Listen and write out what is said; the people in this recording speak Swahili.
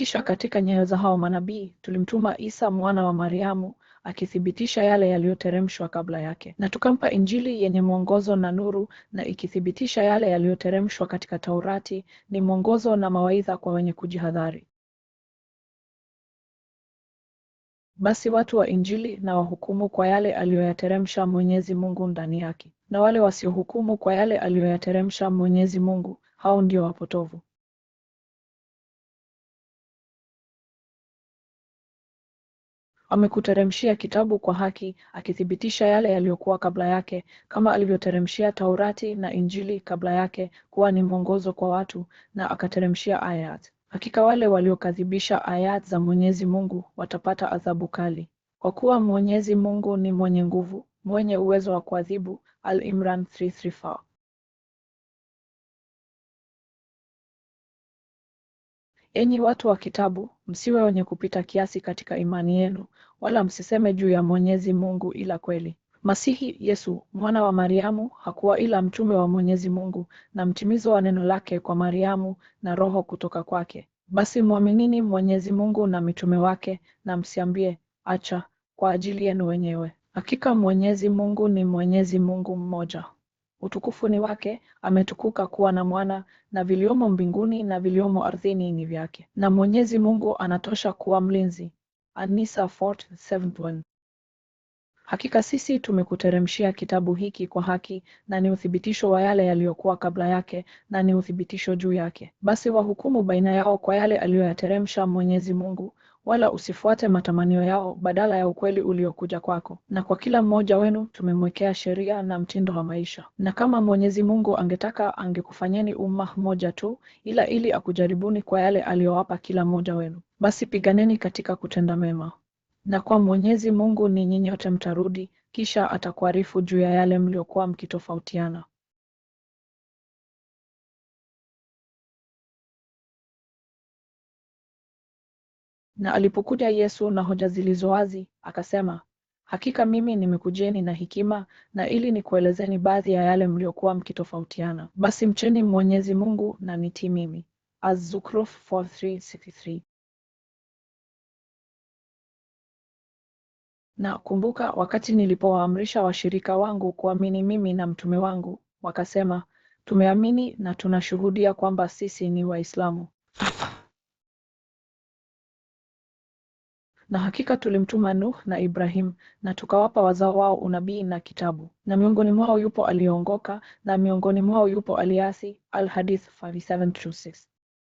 Kisha katika nyayo za hao manabii tulimtuma Isa mwana wa Mariamu akithibitisha yale yaliyoteremshwa kabla yake, na tukampa Injili yenye mwongozo na nuru, na ikithibitisha yale yaliyoteremshwa katika Taurati, ni mwongozo na mawaidha kwa wenye kujihadhari. Basi watu wa Injili na wahukumu kwa yale aliyoyateremsha Mwenyezi Mungu ndani yake, na wale wasiohukumu kwa yale aliyoyateremsha Mwenyezi Mungu, hao ndio wapotovu. Amekuteremshia kitabu kwa haki, akithibitisha yale yaliyokuwa kabla yake, kama alivyoteremshia Taurati na Injili kabla yake kuwa ni mwongozo kwa watu, na akateremshia Ayat. Hakika wale waliokadhibisha Ayat za Mwenyezi Mungu watapata adhabu kali. Kwa kuwa Mwenyezi Mungu ni mwenye nguvu, mwenye uwezo wa kuadhibu. Al-Imran 334 Enyi watu wa Kitabu, msiwe wenye kupita kiasi katika imani yenu, wala msiseme juu ya Mwenyezi Mungu ila kweli. Masihi Yesu mwana wa Mariamu hakuwa ila mtume wa Mwenyezi Mungu na mtimizo wa neno lake kwa Mariamu na Roho kutoka kwake. Basi mwaminini Mwenyezi Mungu na mitume wake, na msiambie acha, kwa ajili yenu wenyewe. Hakika Mwenyezi Mungu ni Mwenyezi Mungu mmoja. Utukufu ni wake, ametukuka kuwa na mwana, na viliomo mbinguni na viliomo ardhini ni vyake. Na Mwenyezi Mungu anatosha kuwa mlinzi. Anisa 47:1. Hakika sisi tumekuteremshia kitabu hiki kwa haki, na ni uthibitisho wa yale yaliyokuwa kabla yake, na ni uthibitisho juu yake. Basi wahukumu baina yao kwa yale aliyoyateremsha Mwenyezi Mungu, wala usifuate matamanio yao badala ya ukweli uliokuja kwako. Na kwa kila mmoja wenu tumemwekea sheria na mtindo wa maisha. Na kama Mwenyezi Mungu angetaka angekufanyeni umma moja tu, ila ili akujaribuni kwa yale aliyowapa kila mmoja wenu. Basi piganeni katika kutenda mema, na kwa Mwenyezi Mungu ninyi nyote mtarudi, kisha atakuarifu juu ya yale mliokuwa mkitofautiana. Na alipokuja Yesu na hoja zilizo wazi, akasema, hakika mimi nimekujeni na hekima na ili nikuelezeni baadhi ya yale mliokuwa mkitofautiana. Basi mcheni Mwenyezi Mungu na nitii mimi. Az-Zukhruf 43:63. Na kumbuka wakati nilipowaamrisha washirika wangu kuamini mimi na mtume wangu, wakasema tumeamini na tunashuhudia kwamba sisi ni Waislamu. Na hakika tulimtuma Nuh na Ibrahim na tukawapa wazao wao unabii na kitabu, na miongoni mwao yupo aliyeongoka na miongoni mwao yupo aliasi. Al-Hadith 5726